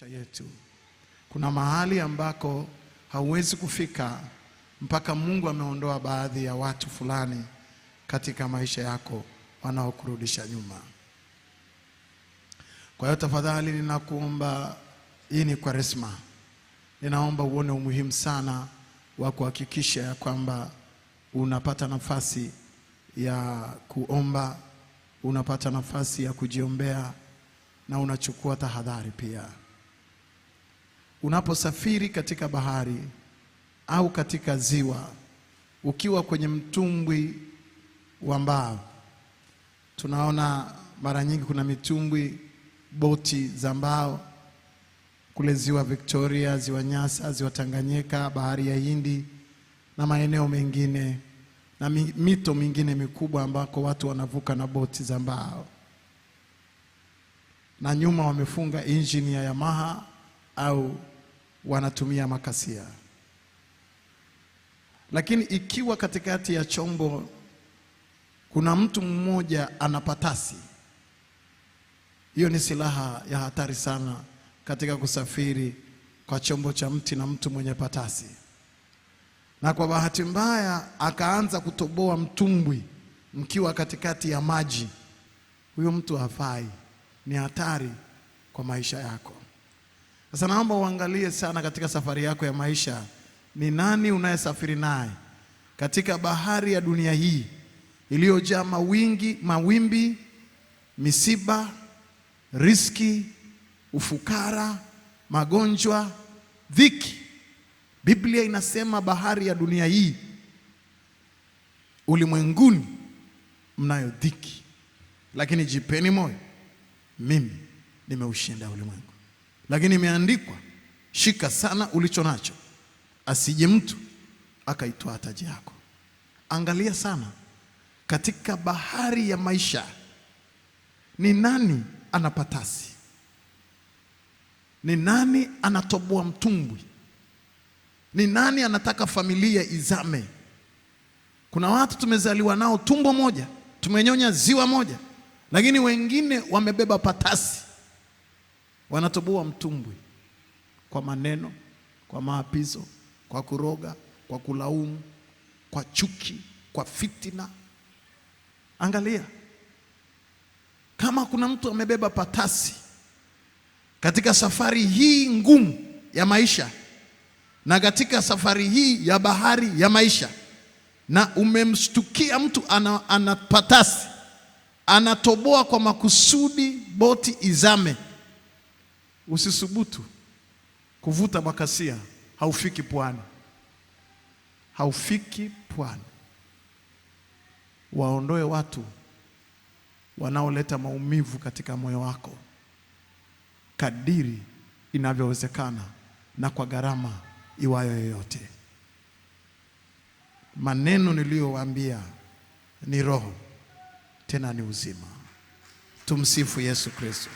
maisha yetu. Kuna mahali ambako hauwezi kufika mpaka Mungu ameondoa baadhi ya watu fulani katika maisha yako wanaokurudisha nyuma. Kwa hiyo tafadhali, ninakuomba hii ni Kwaresma, ninaomba uone umuhimu sana wa kuhakikisha ya kwamba unapata nafasi ya kuomba, unapata nafasi ya kujiombea na unachukua tahadhari pia. Unaposafiri katika bahari au katika ziwa, ukiwa kwenye mtumbwi wa mbao, tunaona mara nyingi kuna mitumbwi boti za mbao kule ziwa Victoria, ziwa Nyasa, ziwa Tanganyika, bahari ya Hindi na maeneo mengine na mito mingine mikubwa ambako watu wanavuka na boti za mbao, na nyuma wamefunga injini ya Yamaha au wanatumia makasia. Lakini ikiwa katikati ya chombo kuna mtu mmoja ana patasi, hiyo ni silaha ya hatari sana katika kusafiri kwa chombo cha mti na mtu mwenye patasi. Na kwa bahati mbaya akaanza kutoboa mtumbwi mkiwa katikati ya maji, huyo mtu hafai, ni hatari kwa maisha yako. Sasa naomba uangalie sana katika safari yako ya maisha, ni nani unayesafiri naye katika bahari ya dunia hii iliyojaa mawingi, mawimbi, misiba, riski, ufukara, magonjwa, dhiki. Biblia inasema bahari ya dunia hii, ulimwenguni mnayo dhiki, lakini jipeni moyo, mimi nimeushinda ulimwengu. Lakini imeandikwa, shika sana ulicho nacho, asije mtu akaitwaa taji yako. Angalia sana katika bahari ya maisha, ni nani ana patasi? Ni nani anatoboa mtumbwi? Ni nani anataka familia izame? Kuna watu tumezaliwa nao tumbo moja, tumenyonya ziwa moja, lakini wengine wamebeba patasi. Wanatoboa mtumbwi kwa maneno, kwa maapizo, kwa kuroga, kwa kulaumu, kwa chuki, kwa fitina. Angalia, kama kuna mtu amebeba patasi katika safari hii ngumu ya maisha na katika safari hii ya bahari ya maisha, na umemshtukia mtu ana, ana patasi anatoboa kwa makusudi boti izame. Usisubutu kuvuta makasia, haufiki pwani, haufiki pwani. Waondoe watu wanaoleta maumivu katika moyo wako kadiri inavyowezekana na kwa gharama iwayo yoyote. Maneno niliyowaambia ni roho tena ni uzima. Tumsifu Yesu Kristo.